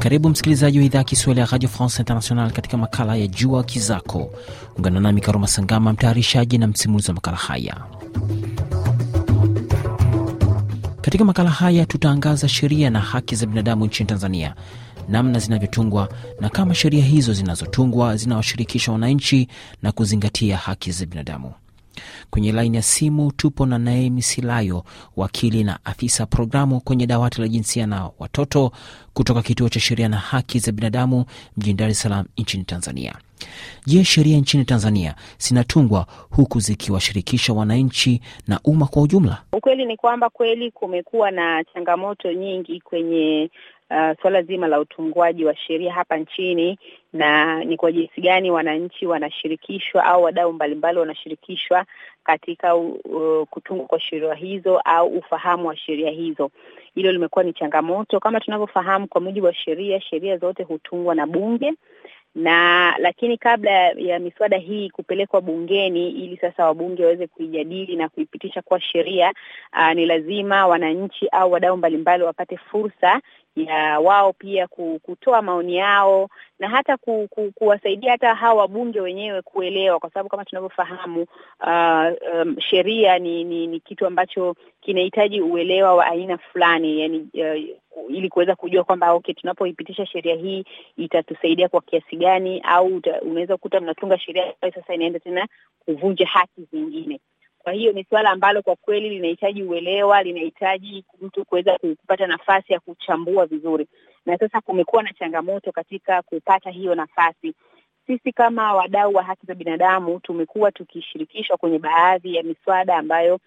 Karibu msikilizaji wa idhaa Kiswahili ya Radio France International katika makala ya Jua Kizako. Ungana nami Karoma Sangama, mtayarishaji na msimulizi wa makala haya. Katika makala haya tutaangaza sheria na haki za binadamu nchini Tanzania, namna zinavyotungwa na kama sheria hizo zinazotungwa zinawashirikisha wananchi na kuzingatia haki za binadamu. Kwenye laini ya simu tupo na Naemi Silayo, wakili na afisa programu kwenye dawati la jinsia na watoto kutoka Kituo cha Sheria na Haki za Binadamu mjini Dar es Salaam nchini Tanzania. Je, sheria nchini Tanzania zinatungwa huku zikiwashirikisha wananchi na umma kwa ujumla? Ukweli ni kwamba kweli kumekuwa na changamoto nyingi kwenye uh, suala zima la utunguaji wa sheria hapa nchini na ni kwa jinsi gani wananchi wanashirikishwa au wadau mbalimbali wanashirikishwa katika uh, kutungwa kwa sheria hizo au ufahamu wa sheria hizo. Hilo limekuwa ni changamoto. Kama tunavyofahamu, kwa mujibu wa sheria, sheria zote hutungwa na bunge na lakini kabla ya miswada hii kupelekwa bungeni ili sasa wabunge waweze kuijadili na kuipitisha kuwa sheria, uh, ni lazima wananchi au wadau mbalimbali wapate fursa ya wao pia kutoa maoni yao na hata ku, ku, kuwasaidia hata hawa wabunge wenyewe kuelewa, kwa sababu kama tunavyofahamu uh, um, sheria ni, ni ni kitu ambacho kinahitaji uelewa wa aina fulani yani, uh, ili kuweza kujua kwamba okay, tunapoipitisha sheria hii itatusaidia kwa kiasi gani, au unaweza kukuta mnatunga sheria ambayo sasa inaenda tena kuvunja haki zingine. Kwa hiyo ni suala ambalo kwa kweli linahitaji uelewa, linahitaji mtu kuweza kupata nafasi ya kuchambua vizuri, na sasa kumekuwa na changamoto katika kupata hiyo nafasi. Sisi kama wadau wa haki za binadamu tumekuwa tukishirikishwa kwenye baadhi ya miswada ambayo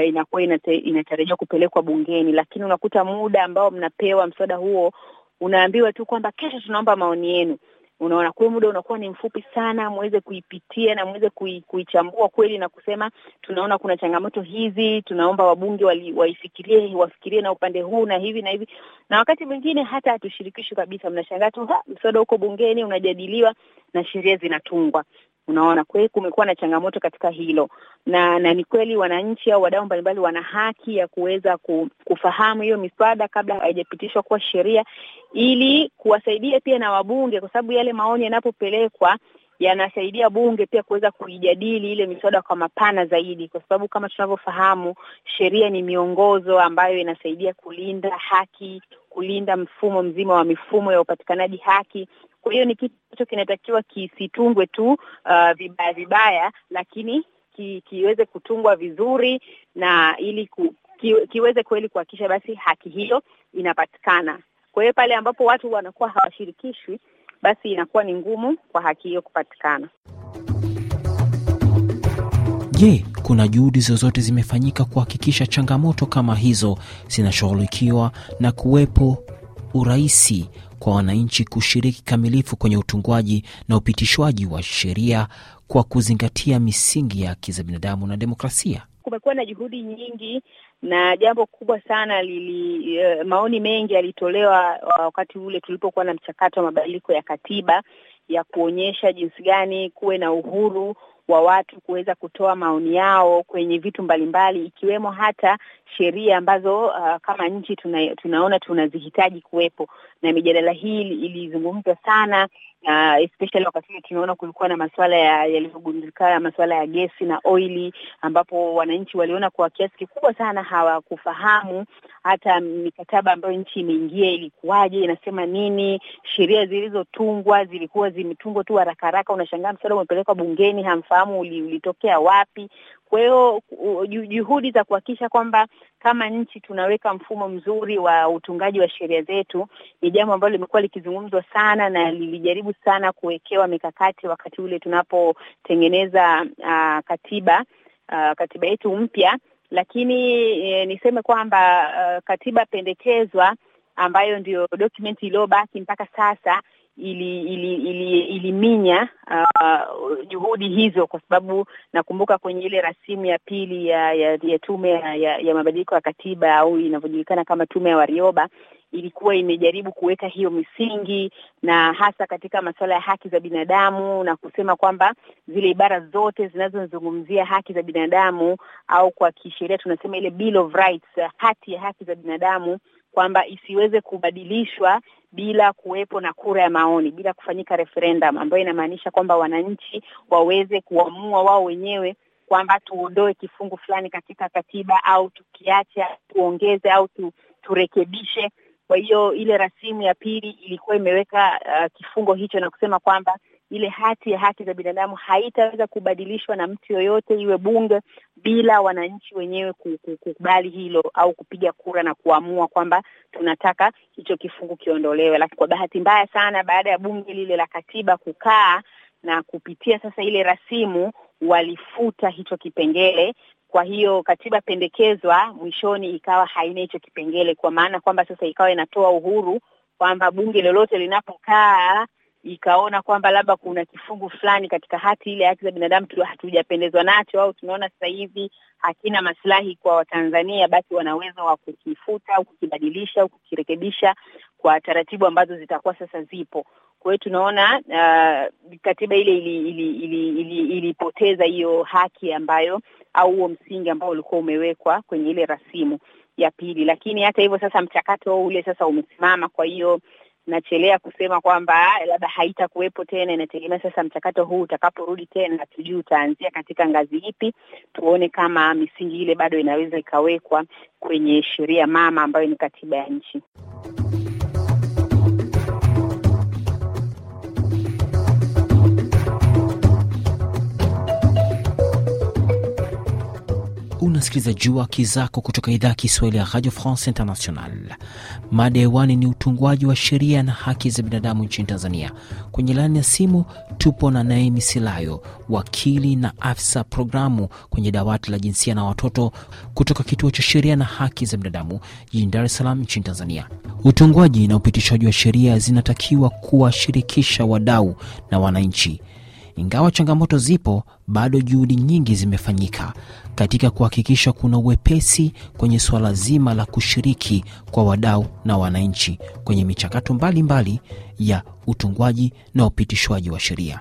Uh, inakuwa inatarajiwa kupelekwa bungeni, lakini unakuta muda ambao mnapewa mswada huo unaambiwa tu kwamba kesho tunaomba maoni yenu unaona. Kwa muda unakuwa ni mfupi sana muweze kuipitia na muweze kui, kuichambua kweli na kusema tunaona kuna changamoto hizi, tunaomba wabunge waifikirie, wafikirie na upande huu na hivi na hivi, na wakati mwingine hata hatushirikishwi kabisa. Mnashangaa tu mswada uko bungeni unajadiliwa na sheria zinatungwa. Unaona, kwa hiyo kumekuwa na changamoto katika hilo, na na ni kweli wananchi au wadau mbalimbali wana haki ya kuweza kufahamu hiyo miswada kabla haijapitishwa kuwa sheria, ili kuwasaidia pia na wabunge, kwa sababu yale maoni yanapopelekwa yanasaidia bunge pia kuweza kuijadili ile miswada kwa mapana zaidi, kwa sababu kama tunavyofahamu, sheria ni miongozo ambayo inasaidia kulinda haki, kulinda mfumo mzima wa mifumo ya upatikanaji haki. Kwa hiyo ni kitu ambacho kinatakiwa kisitungwe tu uh, vibaya vibaya, lakini ki, kiweze kutungwa vizuri na ili ku, ki, kiweze kweli kuhakikisha basi haki hiyo inapatikana. Kwa hiyo pale ambapo watu wanakuwa hawashirikishwi, basi inakuwa ni ngumu kwa haki hiyo kupatikana. Je, kuna juhudi zozote zimefanyika kuhakikisha changamoto kama hizo zinashughulikiwa na kuwepo urahisi kwa wananchi kushiriki kamilifu kwenye utungwaji na upitishwaji wa sheria kwa kuzingatia misingi ya haki za binadamu na demokrasia. Kumekuwa na juhudi nyingi na jambo kubwa sana lili, eh, maoni mengi yalitolewa uh, wakati ule tulipokuwa na mchakato wa mabadiliko ya katiba ya kuonyesha jinsi gani kuwe na uhuru wa watu kuweza kutoa maoni yao kwenye vitu mbalimbali mbali, ikiwemo hata sheria ambazo uh, kama nchi tuna, tunaona tunazihitaji kuwepo na mijadala hii ilizungumzwa sana na especially wakati tumeona kulikuwa na masuala ya masuala ya gesi na oili, ambapo wananchi waliona kwa kiasi kikubwa sana hawakufahamu hata mikataba ambayo nchi imeingia ilikuwaje, inasema nini, sheria zilizotungwa zilikuwa zimetungwa tu haraka haraka, unashangaa msada umepelekwa bungeni, hamfahamu ulitokea wapi. Kwa hiyo juhudi za kuhakikisha kwamba kama nchi tunaweka mfumo mzuri wa utungaji wa sheria zetu ni jambo ambalo limekuwa likizungumzwa sana na lilijaribu sana kuwekewa mikakati wakati ule tunapotengeneza uh, katiba uh, katiba yetu mpya, lakini eh, niseme kwamba uh, katiba pendekezwa ambayo ndio dokumenti iliyobaki mpaka sasa ili, ili, ili, iliminya uh, juhudi hizo, kwa sababu nakumbuka kwenye ile rasimu ya pili ya ya, ya tume ya, ya mabadiliko ya katiba au inavyojulikana kama tume ya Warioba ilikuwa imejaribu kuweka hiyo misingi na hasa katika masuala ya haki za binadamu na kusema kwamba zile ibara zote zinazozungumzia haki za binadamu au kwa kisheria tunasema ile Bill of Rights, hati ya haki za binadamu kwamba isiweze kubadilishwa bila kuwepo na kura ya maoni, bila kufanyika referendum ambayo inamaanisha kwamba wananchi waweze kuamua wao wenyewe kwamba tuondoe kifungu fulani katika katiba au tukiacha tuongeze au tu, turekebishe. Kwa hiyo ile rasimu ya pili ilikuwa imeweka uh, kifungo hicho na kusema kwamba ile hati ya haki za binadamu haitaweza kubadilishwa na mtu yoyote, iwe bunge, bila wananchi wenyewe kukubali hilo au kupiga kura na kuamua kwamba tunataka hicho kifungu kiondolewe. Lakini kwa bahati mbaya sana, baada ya bunge lile la katiba kukaa na kupitia sasa ile rasimu, walifuta hicho kipengele. Kwa hiyo katiba pendekezwa mwishoni ikawa haina hicho kipengele, kwa maana kwamba sasa ikawa inatoa uhuru kwamba bunge lolote linapokaa ikaona kwamba labda kuna kifungu fulani katika hati ile haki za binadamu hatujapendezwa nacho au tunaona sasa hivi hakina maslahi kwa Watanzania, basi wana uwezo wa kukifuta au kukibadilisha au kukirekebisha kwa taratibu ambazo zitakuwa sasa zipo. Kwa hiyo tunaona uh, katiba ile ilipoteza ili, ili, ili, ili hiyo haki ambayo au huo msingi ambao ulikuwa umewekwa kwenye ile rasimu ya pili, lakini hata hivyo sasa mchakato ule sasa umesimama, kwa hiyo nachelea kusema kwamba ah, labda haitakuwepo tena. Inategemea sasa mchakato huu utakaporudi tena, tujui utaanzia katika ngazi ipi, tuone kama misingi ile bado inaweza ikawekwa kwenye sheria mama ambayo ni katiba ya nchi. unasikiliza Jua kizako Zako kutoka idhaa ya Kiswahili ya Radio France International. Mada hewani ni utungwaji wa sheria na haki za binadamu nchini Tanzania. Kwenye lani ya simu tupo na Naemi Silayo, wakili na afisa programu kwenye dawati la jinsia na watoto kutoka Kituo cha Sheria na Haki za Binadamu jijini dares salam Salaam nchini Tanzania. Utungwaji na upitishaji wa sheria zinatakiwa kuwashirikisha wadau na wananchi ingawa changamoto zipo, bado juhudi nyingi zimefanyika katika kuhakikisha kuna uwepesi kwenye suala zima la kushiriki kwa wadau na wananchi kwenye michakato mbalimbali ya utungwaji na upitishwaji wa sheria.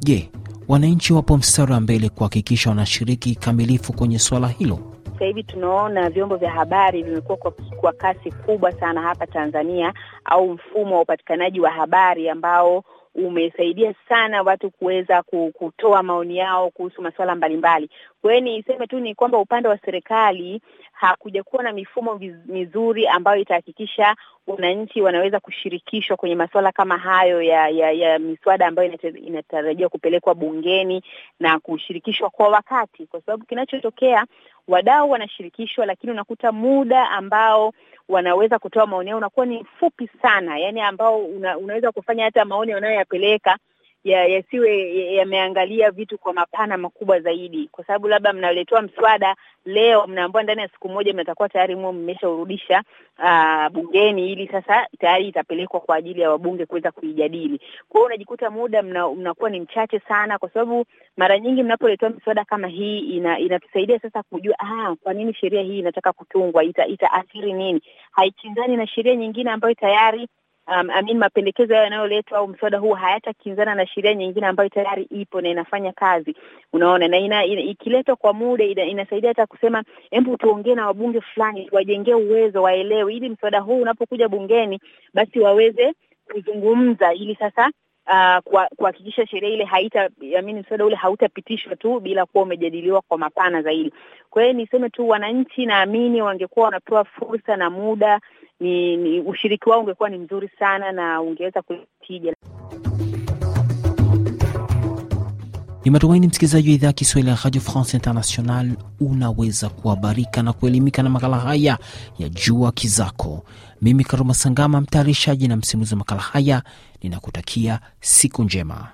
Je, wananchi wapo mstari wa mbele kuhakikisha wanashiriki kamilifu kwenye suala hilo? sahivi hivi tunaona vyombo vya habari vimekuwa kwa, kwa kasi kubwa sana hapa Tanzania, au mfumo wa upatikanaji wa habari ambao umesaidia sana watu kuweza kutoa maoni yao kuhusu masuala mbalimbali. Kwa hiyo niseme tu ni kwamba upande wa serikali hakuja kuwa na mifumo mizuri ambayo itahakikisha wananchi wanaweza kushirikishwa kwenye masuala kama hayo ya ya, ya miswada ambayo inatarajiwa kupelekwa bungeni na kushirikishwa kwa wakati, kwa sababu kinachotokea wadau wanashirikishwa, lakini unakuta muda ambao wanaweza kutoa maoni yao unakuwa ni mfupi sana, yani ambao una, unaweza kufanya hata maoni wanayoyapeleka ya yasiwe yameangalia vitu kwa mapana makubwa zaidi, kwa sababu labda mnaletewa mswada leo, mnaambiwa ndani ya siku moja mtakuwa tayari mwe mmeshaurudisha ah, bungeni, ili sasa tayari itapelekwa kwa ajili ya wabunge kuweza kuijadili. Kwa hiyo unajikuta muda mnakuwa ni mchache sana, kwa sababu mara nyingi mnapoletewa miswada kama hii ina, inatusaidia sasa kujua ah, kwa nini sheria hii inataka kutungwa, itaathiri ita nini, haikinzani na sheria nyingine ambayo tayari um, amin mapendekezo hayo yanayoletwa au mswada huu hayatakinzana na sheria nyingine ambayo tayari ipo na inafanya kazi, unaona, na ina, ina, ikiletwa kwa muda ina, inasaidia hata kusema hebu tuongee na wabunge fulani wajengee uwezo, waelewe, ili mswada huu unapokuja bungeni basi waweze kuzungumza ili sasa uh, kuhakikisha sheria ile haita amini mswada ule hautapitishwa tu bila kuwa umejadiliwa kwa mapana zaidi. Kwa hiyo niseme tu wananchi, naamini wangekuwa wanapewa fursa na muda, ni, ni ushiriki wao ungekuwa ni mzuri sana na ungeweza kutija ni matumaini msikilizaji wa idhaa ya Kiswahili ya Radio France International unaweza kuhabarika na kuelimika na makala haya ya Jua Kizako. Mimi Karuma Sangama, mtayarishaji na msimulizi wa makala haya, ninakutakia siku njema.